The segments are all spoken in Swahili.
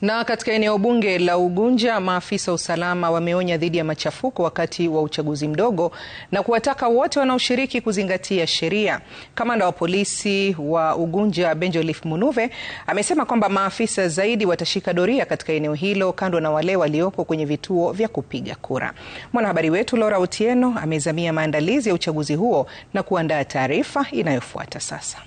Na katika eneo bunge la Ugunja, maafisa usalama wameonya dhidi ya machafuko wakati wa uchaguzi mdogo na kuwataka wote wanaoshiriki kuzingatia sheria. Kamanda wa polisi wa Ugunja, Benjolif Munuve, amesema kwamba maafisa zaidi watashika doria katika eneo hilo kando na wale waliopo kwenye vituo vya kupiga kura. Mwanahabari wetu Laura Otieno amezamia maandalizi ya uchaguzi huo na kuandaa taarifa inayofuata sasa.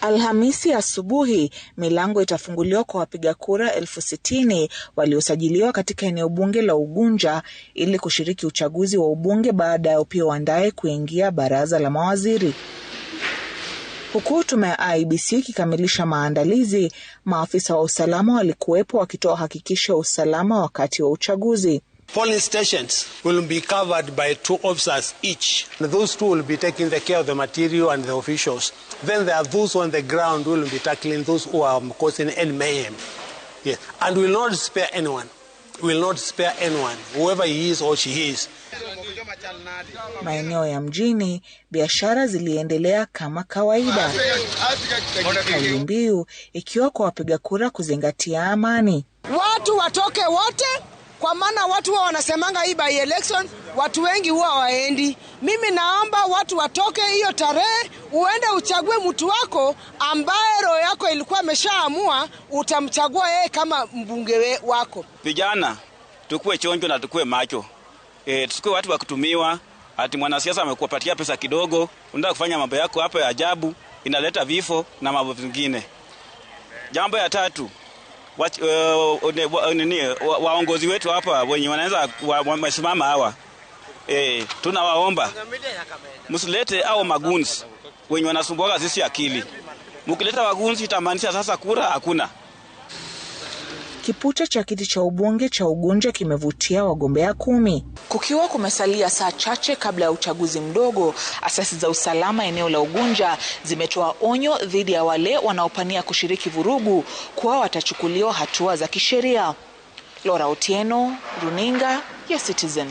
Alhamisi asubuhi milango itafunguliwa kwa wapiga kura elfu sitini waliosajiliwa katika eneo bunge la Ugunja ili kushiriki uchaguzi wa ubunge baada ya Opiyo Wandayi kuingia baraza la mawaziri. Huku tume ya IEBC ikikamilisha maandalizi, maafisa wa usalama walikuwepo wakitoa hakikisho ya usalama wakati wa uchaguzi. Polling stations will be covered by two officers each. And Those two will be taking the care of the material and the officials. Then there are those on the ground who will be tackling those who are causing any mayhem. Yes. And will not spare anyone. Will not spare anyone, whoever he is or she is. Maeneo ya mjini biashara ziliendelea kama kawaida, kauli mbiu ikiwa kwa wapiga kura kuzingatia amani, watu watoke wote kwa maana watu huwa wanasemanga hii by election, watu wengi huwa waendi. Mimi naomba watu watoke hiyo tarehe, uende uchague mtu wako ambaye roho yako ilikuwa ameshaamua utamchagua yeye kama mbunge wako. Vijana tukue chonjo na tukue macho e, tukue watu wa kutumiwa. Ati mwanasiasa amekupatia pesa kidogo, unataka kufanya mambo yako hapo ya ajabu, inaleta vifo na mambo vingine Jambo ya tatu Uh, uh, uh, waongozi wetu hapa wenye wanaweza wamesimama hawa eh, tunawaomba msilete au magunzi wenye wanasumbuka sisi akili. Mkileta magunzi itamaanisha sasa kura hakuna kipute cha kiti cha ubunge cha Ugunja kimevutia wagombea kumi. Kukiwa kumesalia saa chache kabla ya uchaguzi mdogo, asasi za usalama eneo la Ugunja zimetoa onyo dhidi ya wale wanaopania kushiriki vurugu kuwa watachukuliwa hatua za kisheria. Laura Otieno, Runinga ya Citizen.